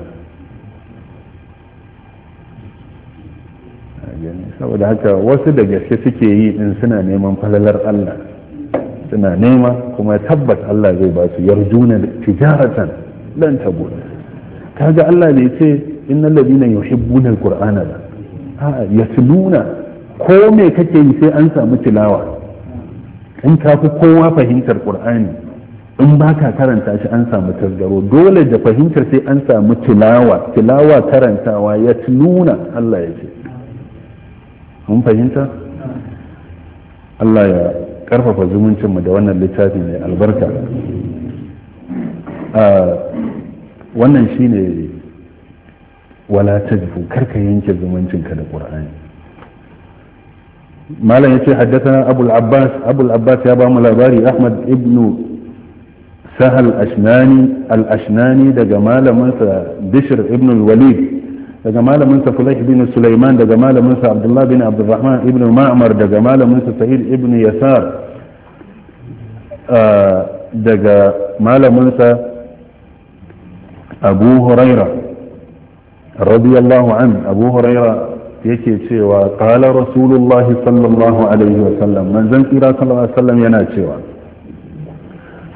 saboda haka wasu da gaske suke yi in suna neman falalar allah suna nema kuma tabbas allah zai ba su yarjuna tijaratan dan tabo kaga allah bai ce inna ladina yuhibbuna alqur'ana la yasluna ko me kake yi sai an samu tilawa in ka fi kowa fahimtar qur'ani in ba ka karanta shi an samu tasgaro dole da fahimtar sai an samu tilawa tilawa karantawa yasluna Allah ya ce mun fahimta Allah ya karfafa zumuncinmu da wannan littafi mai albarka ah, wannan shine wala tajfu karka yanke zumuncinka da qur'ani malam yace haddathana abul abbas abul abbas ya ba mu labari ahmad ibn sahal ashnani al ashnani daga malaminsa bishr ibn al walid daga malaminsa fulayh bin sulaiman daga malaminsa abdullah bin abdurrahman ibn ma'mar daga malaminsa sa'id ibn yasar daga malaminsa abu huraira radiyallahu an abu huraira yake cewa qala rasulullah sallallahu alaihi wa sallam manzon kira sallallahu sallam yana cewa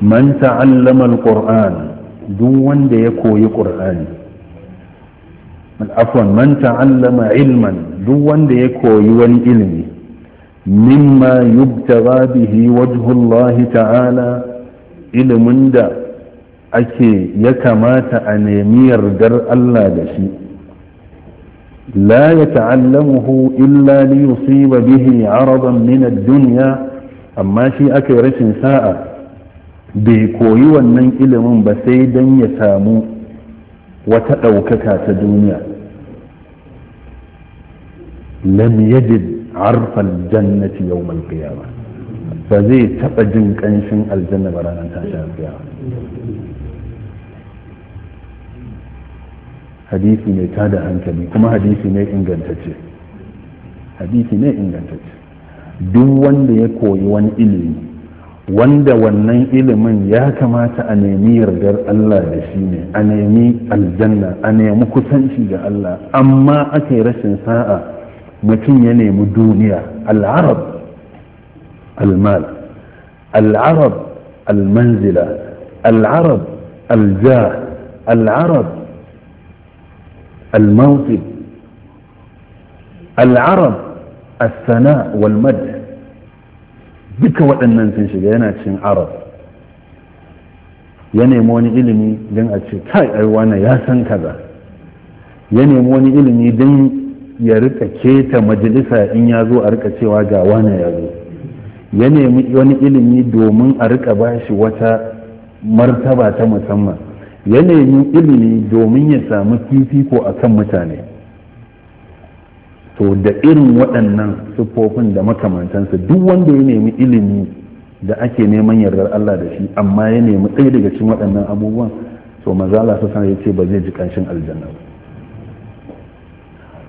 man ta'allama alquran duk wanda ya koyi qur'ani afwan man ta'allama ilman duk wanda ya koyi wani ilimi mimma yubtagha bihi wajhu Allah ta'ala ilimin da ake ya kamata a nemi yardar Allah da shi لا يتعلمه إلا ليصيب به عرضا من الدنيا أما شيء أكي رشن ساء بيكوي ونن إلم بسيدا يسامو وتأوكك تدنيا لم يجد عرف الجنة يوم القيامة فزي تبجن كنشن الجنة برانا تاشا القيامة hadisi mai tada hankali kuma hadisi ne ingantacce hadisi ne ingantacce duk wanda ya koyi wani ilimi wanda wannan ilimin ya kamata a nemi yardar Allah da shi ne a nemi aljanna a nemi kusanci da Allah amma aka rashin sa'a mutum ya nemi duniya al'arab almal al'arab almanzila al'arab aljah al'arab المنصب العرب الثناء والمدح duka waɗannan sun shiga yana cin arab ya nemi wani ilimi don a ce kai aiwana ya san kaza ya nemi wani ilimi don ya rika keta majalisa in ya zo a rika cewa ga wane ya zo ya nemi wani ilimi domin a rika bashi wata martaba ta musamman ya nemi ilimi domin ya samu fifiko a kan mutane to da irin waɗannan siffofin da makamantansa duk wanda ya nemi ilimi da ake neman yardar Allah da shi amma ya nemi ɗaya daga cikin waɗannan abubuwan to mazala su sana ya ce ba zai ji ƙanshin aljanna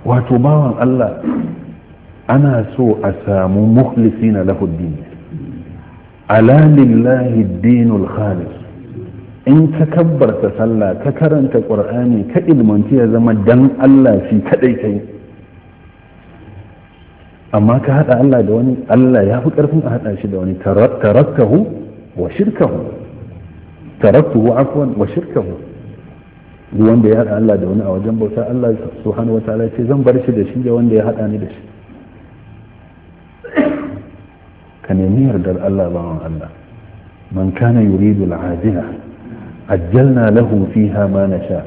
wato bawan Allah ana so a samu muhlisina lahuddin Lahudin, lillahi dinul khalis in ka kabbarta sallah ka karanta ƙur'ani ka ilmanci ya zama dan Allah shi kadai kai amma ka haɗa Allah da wani Allah ya fi ƙarfin a haɗa shi da wani taraktahu wa shirkahu taraktuhu afwan wa shirkahu duk wanda ya haɗa Allah da wani a wajen bauta Allah subhanahu wa ta'ala ce zan bar shi da shi da wanda ya haɗa ni da shi ka nemi yardar Allah bawan Allah man kana yuridu al'ajila عجلنا له فيها ما نشاء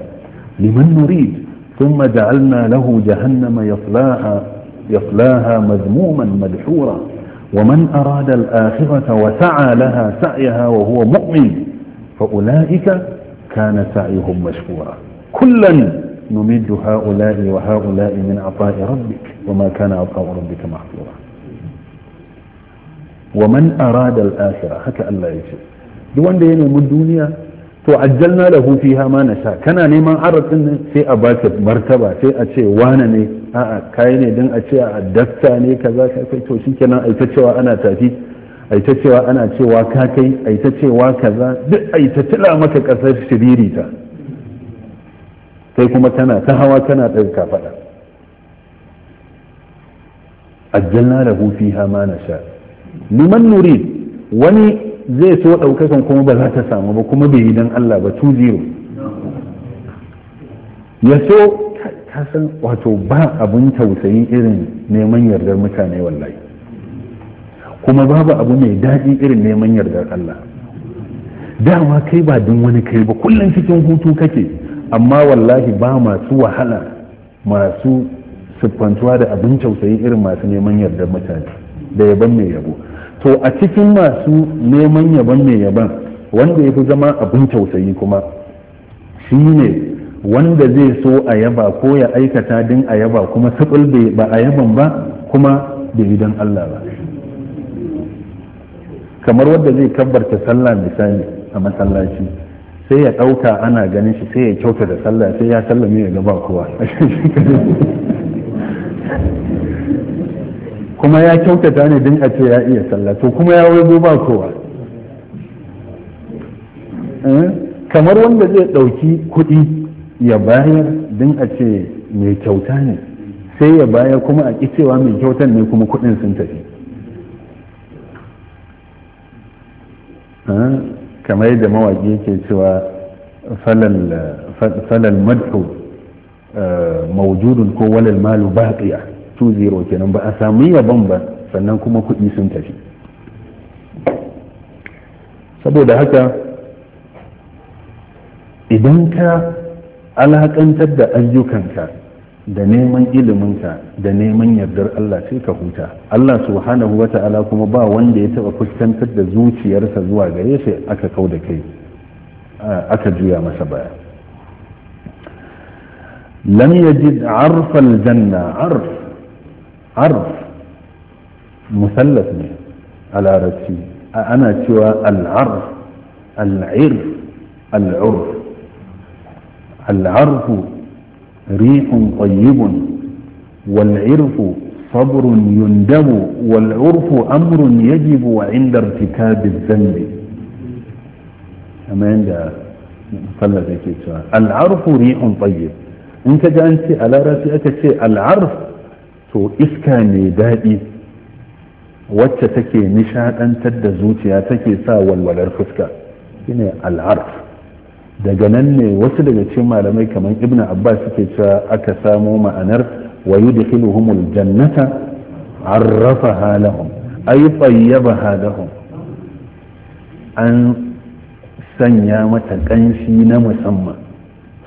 لمن نريد ثم جعلنا له جهنم يصلاها يصلاها مذموما مدحورا ومن أراد الآخرة وسعى لها سعيها وهو مؤمن فأولئك كان سعيهم مشكورا كلا نمد هؤلاء وهؤلاء من عطاء ربك وما كان عطاء ربك محظورا ومن أراد الآخرة حتى ان يشاء دو wanda ya دنيا to ajjalna hufi fiha ma sha kana neman arar nan sai a baka martaba sai a ce wane ne a'a kai ne dan a ce a dakta ne kaza ka kai to shikenan ai ta cewa ana tafi ai ta cewa ana cewa ka kai ai ta cewa kaza duk ai ta tila maka kasar shiririta kai kuma kana ta hawa kana ɗauka faɗa ajjalna hufi fiha ma sha. liman nurid wani zai so ɗaukakan kuma ba za ta samu ba kuma bai yi don Allah ba tu zero ya so ta san wato ba abin tausayi irin neman yardar mutane wallahi kuma babu abu mai daɗi irin neman yardar Allah dama kai ba don wani kai ba kullum cikin hutu kake amma wallahi ba masu wahala masu siffantuwa da abin tausayi irin masu neman yardar mutane da yaban mai yabo to a cikin masu neman yaban mai yaban wanda ya fi zama abin tausayi kuma shi ne wanda zai so a yaba ko ya aikata din a yaba kuma bai ba a yaban ba kuma bai yi Allah ba kamar wanda zai kabbarta sallah misali a masallaci sai ya ɗauka ana ganin shi sai ya kyauta da sallah sai ya sallame ya gaba kowa kuma ya kyautata ne don a ce ya iya sallah to kuma ya wazo ba kowa eh? kamar wanda zai ɗauki kuɗi ya bayar don a ce mai kyauta ne sai ya bayar kuma a cewa mai kyautan ne kuma kuɗin sun tafi eh? kamar yadda mawaƙi yake cewa falal madhu eh, maujudun ko walal malu baƙiya 2-0 kenan ba a samu yabon ba sannan kuma kuɗi sun tafi saboda haka idan ka alhakantar da ayyukanka da neman iliminka da neman yardar Allah sai ka huta Allah subhanahu wa ta'ala kuma ba wanda ya taɓa fuskantar da zuciyarsa zuwa gare sai aka kau da kai aka juya masa baya lam yajid arfal janna arf عرض مثلث العربي أنا سوى العرض العرف العرف العرف ريح طيب والعرف صبر يندم والعرف أمر يجب عند ارتكاب الذنب أما عند مثلث العرف ريح طيب أنت جاء أنت على رأسي شيء العرف to iska mai daɗi wacce take nishaɗantar da zuciya take sa walwalar fuska shine al'arf daga nan ne wasu daga cikin malamai kamar ibn abbas suke cewa aka samo ma'anar wa yudkhiluhumul jannata arrafaha lahum ay tayyabaha lahum an sanya mata kanshi na musamman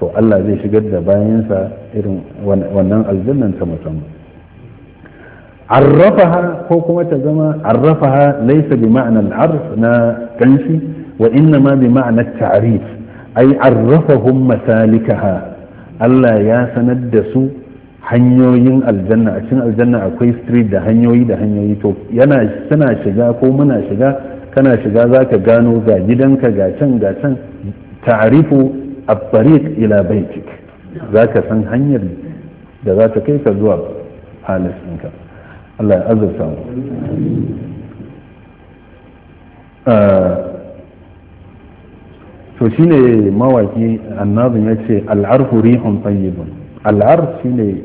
to Allah zai shigar da bayansa irin wannan aljannan ta musamman arrafaha ko kuma ta zama arrafaha laisa bi ma'anar arf na kanshi wa inna ma bi ma'anar ta'rif ai arrafahum masalikaha Allah ya sanar da su hanyoyin aljanna a cikin aljanna akwai street da hanyoyi da hanyoyi to yana tana shiga ko muna shiga kana shiga zaka gano ga gidanka ga can ga can ta'rifu at-tariq ila baitik zaka san hanyar da za ta kai ka zuwa halis ɗinka Allah ya azurta mu eh, to shine mawaki annabin ya ce al'arfu rihun tayyibun al'arf shine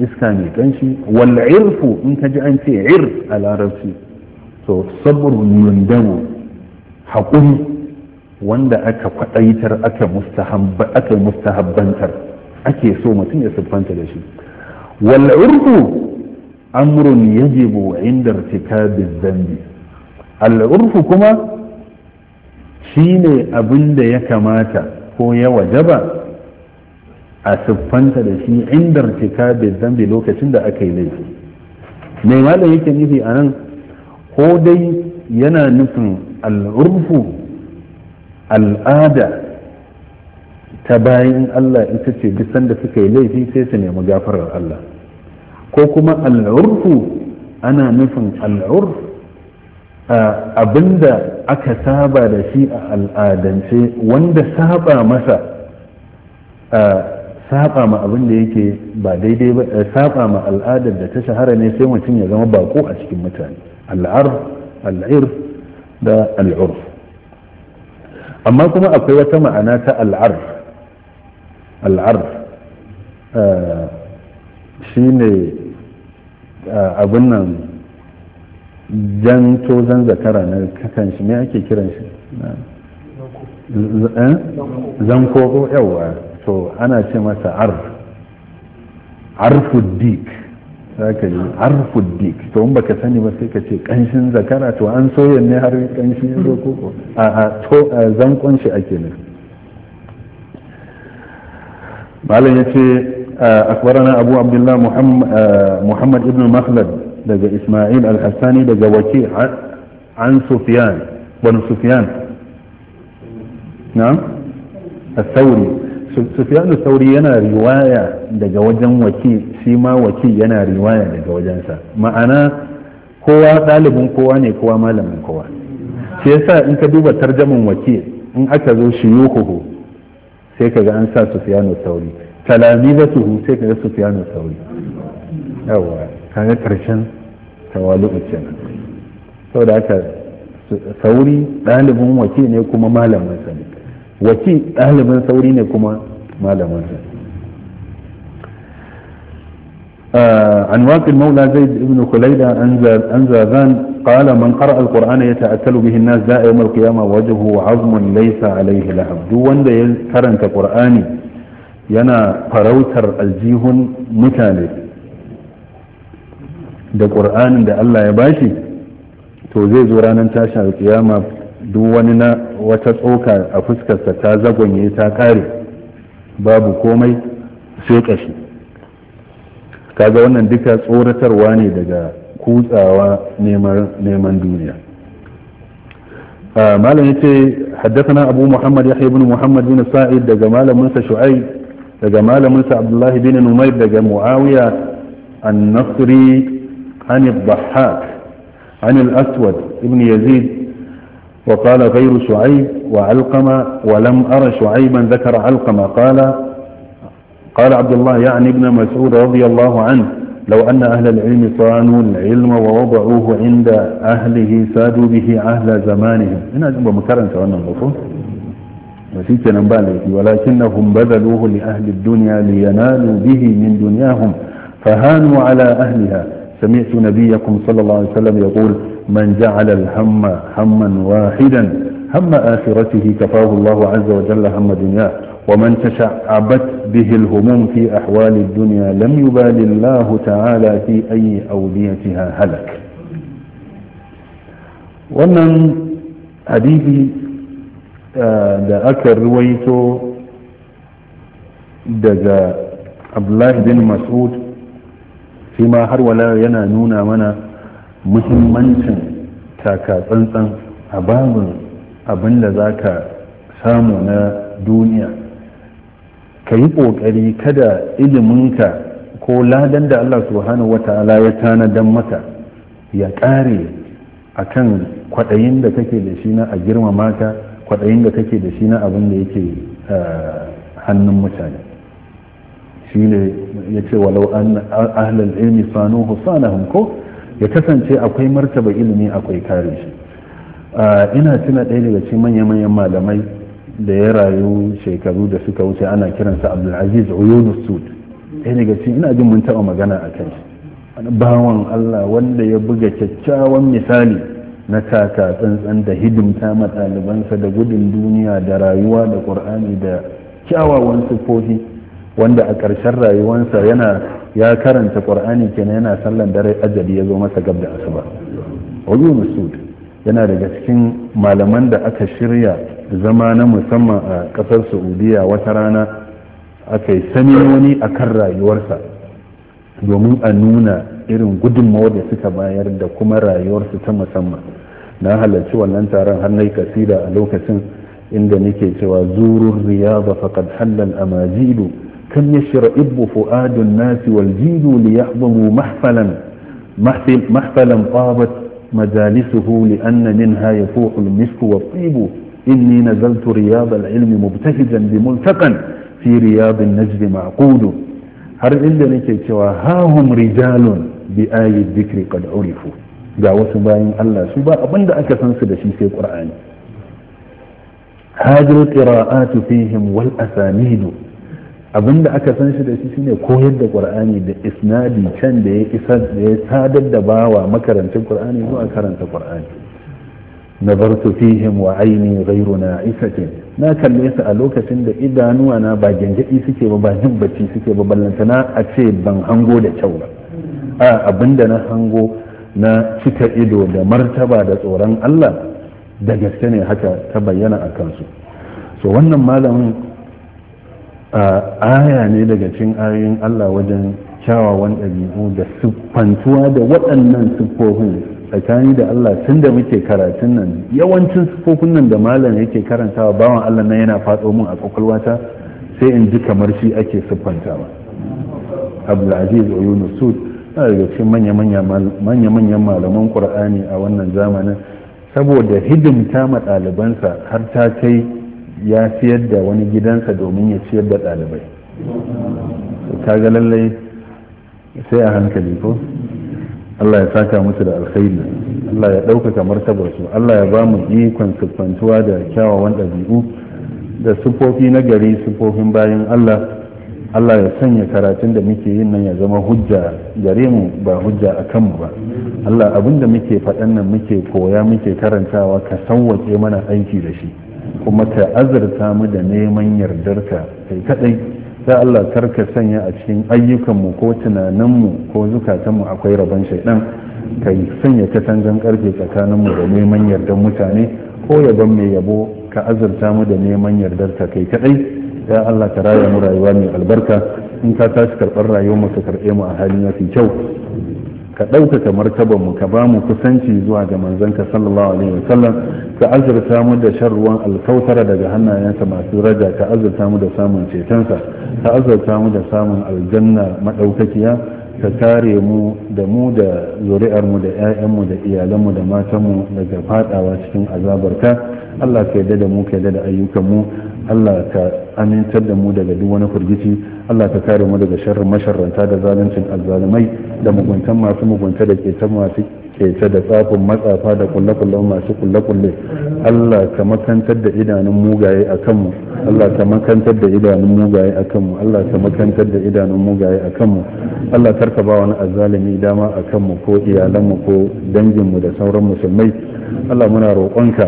iska mai kanshi wal irfu in ka ji an ce ir a larabci to sabrun haƙuri wanda aka kwaɗaitar aka mustahabbantar ake so mutum ya siffanta da shi wal urfu amrun yajibu inda irtikabin zambi al'urfu kuma shine abin da ya kamata ko ya wajaba a siffanta da shi inda irtikabin zambi lokacin da aka yi laifi mai malam yake nufi a nan ko dai yana nufin al'urfu al'ada ta bayan Allah ita ce duk sanda suka yi laifi sai su nemi gafarar Allah ko kuma al'urfu ana nufin al'urf abinda aka saba da shi a al'adance wanda saba masa saba ma abin da yake ba daidai ba saba ma al'adar da ta shahara ne sai mutum ya zama bako a cikin mutane Al'ar, al'ir, da al'ur, amma kuma akwai wata ma'ana ta al'ar. Al'ar shi ne abin nan jan to zan zakara na kakan shi me ake kiran shi zanko eh? ko yawa to ana ce masa arf arfuddik ka yi arfuddik to in baka sani ba sai ka ce kanshin zakara to an soya ne har kanshin ya ko ko a a to zankon shi ake ne. malam yace أخبرنا أبو عبد الله محمد, محمد ابن مخلد دقى إسماعيل الحساني دقى وكيع عن سفيان بن سفيان نعم الثوري سفيان الثوري ينا رواية دقى وجن وكيع سيما وكيع ينا رواية دقى وجنسا معنا kowa ɗalibin kowa ne kowa مالا من shi سيسا in دوبا ترجم وكيع ان in شيوخه سيكا جانسا sai الثوري تلاميذته سيدنا سفيان الثوري أو كان كرشن توالو أجن فهذا ثوري أهل من وكي أن يكون مالا من ذلك أهل من ثوري أن يكون مالا آه، من عن واقع المولى زيد بن خليلة أنزل أنزل قال من قرأ القرآن يتأكل به الناس دائما القيامة وجهه عظم ليس عليه لهم دو وند يل قرآني yana farautar aljihun mutane da ƙur'anin da Allah ya bashi to zai zo ranar tashin alkiyama duk wani na wata tsoka a fuskarsa ta zagonye ta kare babu komai sai ƙashi kaga wannan duka tsoratarwa ne daga kutsawa neman duniya مالا يتي حدثنا أبو محمد يحيى بن محمد بن سعيد دقى مالا منسى شعيب daga malaminsa abdullahi bin numair daga muawiya an-nasri an al-dhahhak an al-aswad ibn yazid وقال غير شعيب وعلقمة ولم أرى شعيبا ذكر علقمة قال قال عبد الله يعني ابن مسعود رضي الله عنه لو أن أهل العلم صانوا العلم ووضعوه عند أهله سادوا به أهل زمانهم هنا جنب مكرن سواء المفروض shi kenan ولكنهم بذلوه لأهل الدنيا لينالوا به من دنياهم فهانوا على أهلها سمعت نبيكم صلى الله عليه وسلم يقول من جعل الهم هما واحدا هم آخرته كفاه الله عز وجل هم دنياه ومن تشعبت به الهموم في أحوال الدنيا لم يبال الله تعالى في أي أوديتها هلك ومن حديث da aka ruwaito daga abdullahi bin mas'ud shi ma har wala yana nuna mana muhimmancin taka tsantsan a babin abin da za ka samu na duniya ka yi ƙoƙari kada iliminka ko ladan da allah subhanahu wata'ala ya tanadan mata ya ƙare a kan kwaɗayin da kake da shi na a girmama ka kwaɗayin da take da shi na abin da yake eh, hannun mutane shi ne ya ce walau ahlal ilmi sanu husana ko ya kasance akwai martaba ilimi akwai kare shi eh, ina tuna ɗaya daga cikin manya-manyan malamai da ya rayu shekaru da suka wuce ana kiransa abdulaziz uyunus sud ɗaya daga cikin ina jin mun taɓa magana a kai bawan allah wanda ya buga kyakkyawan misali na kaka tsantsan da hidimta ma ɗalibansa da gudun duniya da rayuwa da ƙur'ani da kyawawan sufofi wanda a ƙarshen rayuwansa yana ya karanta ƙur'ani kenan yana sallan dare ajali ya zo masa gab da asuba wajen masud yana daga cikin malaman da aka shirya zama na musamman a ƙasar saudiya wata rana aka yi wani a kan rayuwarsa domin a nuna irin gudunmawar da suka bayar da kuma rayuwarsu ta musamman na halarci wannan taron har nayi kasida a lokacin inda nake cewa zurur riyada faqad halal amajidu kam yashra'ibbu fu'adu an-nas wal jidu li yahdhu mahfalan mahfil mahfalan tabat majalisuhu li anna minha yafuhu al-misku riyada al إني mubtahijan bi multaqan fi بملتقا al najd maqud har inda nake cewa hahum rijalun bi ayi dhikri qad urifu ga wasu bayan Allah su ba abin aka san su da shi sai Qur'ani hajjul qira'atu fihim wal asanidu abin da aka san shi da shi shine koyar da Qur'ani da isnadi can da ya isar da ya sadar da bawa makarantar Qur'ani zuwa karanta Qur'ani nazartu fihim wa aini ghayru na'isatin na kalle su a lokacin da idanuwa na ba gangadi suke ba ba jin bacci suke ba ballantana a ce ban hango da kyau ba a abinda na hango na cika ido da martaba da tsoron Allah da gaske ne haka ta bayyana a kansu so wannan malamin a aya ne daga cin ayoyin Allah wajen kyawawan ɗabi'u da siffantuwa da waɗannan siffofin tsakani da Allah tun da muke karatun nan yawancin siffofin nan da malam yake karantawa bawan Allah na yana faɗo min a kwakwalwata sai in ji kamar shi ake siffantawa abdulaziz oyunu suna daga cikin manya-manyan malaman ƙur'ani a wannan zamanin saboda hidimta ma ɗalibansa har ta kai ya siyar da wani gidansa domin ya ciyar da ɗalibai ga lallai sai a hankali ko Allah ya saka musu da alkhairi Allah ya ɗaukaka martabarsu Allah ya ba mu ikon siffantuwa da kyawawan ɗabi'u da sufofi na gari sufofin bayan Allah Allah ya sanya karatun da muke yin nan ya zama hujja gare mu ba hujja a kanmu ba Allah abin da muke faɗan nan muke koya muke karantawa ka sauwaƙe mana aiki da shi kuma ka azurta mu da neman yardarka kai kaɗai sai Allah karka sanya a cikin ayyukanmu ko tunaninmu ko zukatanmu akwai rabon shaidan ka sanya katangan karfe tsakaninmu da neman yardar mutane ko yabon mai yabo ka azurta mu da neman yardarka kai kaɗai ya Allah ka raya mu rayuwa mai albarka in ka tashi karɓar rayuwar mu ka karɓe mu a hali mafi kyau ka ɗaukaka martabar mu ka ba mu kusanci zuwa ga ka sallallahu alaihi wa sallam ka azurta mu da shan ruwan alkautara daga hannayensa masu raja ka azurta mu da samun cetonsa ka azurta mu da samun aljanna maɗaukakiya. ka kare mu da mu da zuri'armu da 'ya'yanmu da iyalanmu da matanmu daga fadawa cikin azabarka Allah ka yarda da mu ka yarda da ayyukanmu Allah ka amintar da mu daga duk wani firgici Allah ka kare mu daga sharrin masharranta da zaluncin azzalumai da muguntan masu mugunta da ke masu kece da tsafin matsafa da kulle-kullen masu kulle-kulle Allah ka makantar da idanun mugaye a kanmu Allah ka makantar da idanun mugaye a kanmu Allah ka makantar da idanun mugaye a kanmu Allah karka ba wani azzalimi dama a kanmu ko iyalanmu ko danginmu da sauran musulmai Allah muna roƙonka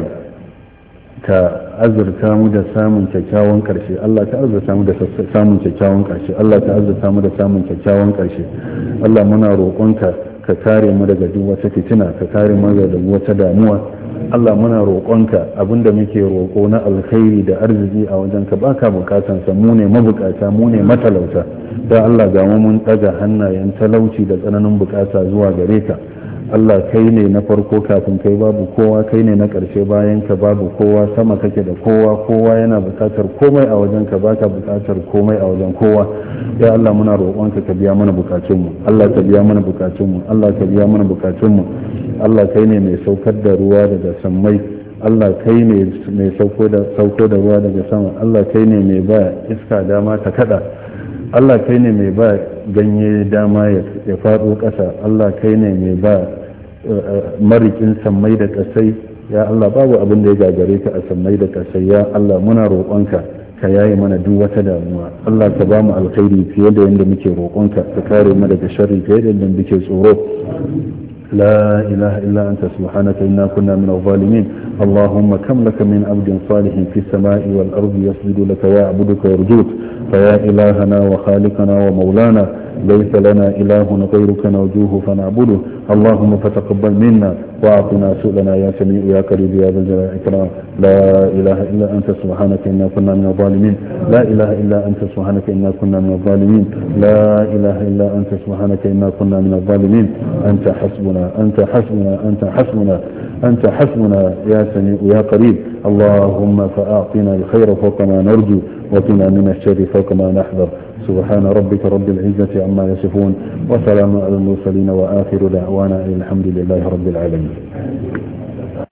ka azurta mu da samun kyakkyawan karshe Allah ta azurta mu da samun kyakkyawan karshe Allah ta azurta mu da samun kyakkyawan karshe Allah muna roƙonka ka kare mu daga duk wata fitina ka kare mu daga wata damuwa Allah muna roƙonka abinda muke roƙo na alkhairi da arziki a wajen ka baka bukatan sa mu ne mabukata mu ne matalauta da Allah ga mu mun daga hannayen talauci da tsananin bukata zuwa gare ka Allah kai ne na farko kafin kai babu kowa kai ne na ƙarshe bayan ka babu kowa sama kake da kowa kowa yana buƙatar komai a wajen ka baka buƙatar komai a wajen kowa ya Allah muna roƙonka ka biya mana mu Allah ka biya mana mu Allah ka biya mana mu Allah kai ne mai saukar da ruwa daga sammai Allah kai ne mai sauko da ruwa daga sama Allah kai ne mai ba iska dama ta kada Allah kai ne mai ba ganye dama ya faɗo ƙasa Allah kai ne mai ba marikin sammai da kasai ya Allah babu abin da ya gagare ka a sammai da kasai ya Allah muna roƙonka ka yaye mana duk wata damuwa Allah ka ba mu alkhairi fiye da yadda muke roƙonka ka kare mu daga sharri fiye da yadda muke tsoro لا إله إلا أنت سبحانك إنا كنا من الظالمين اللهم كم لك من عبد صالح في السماء والأرض يسجد لك ويعبدك ويرجوك فيا إلهنا وخالقنا ومولانا ليس لنا إله غيرك نرجوه فنعبده اللهم فتقبل منا وأعطنا سؤلنا يا سميع يا قريب يا ذا الجلال والإكرام لا إله إلا أنت سبحانك إنا كنا من الظالمين لا إله إلا أنت سبحانك إنا كنا من الظالمين لا إله إلا أنت سبحانك إنا كنا من الظالمين أنت حسبنا أنت حسبنا أنت حسبنا أنت حسبنا يا سميع يا قريب اللهم فأعطنا الخير فوق ما نرجو وقنا من الشر فوق ما نحذر سبحان ربك رب العزة عما يصفون وسلام على المرسلين وآخر دعوانا الحمد لله رب العالمين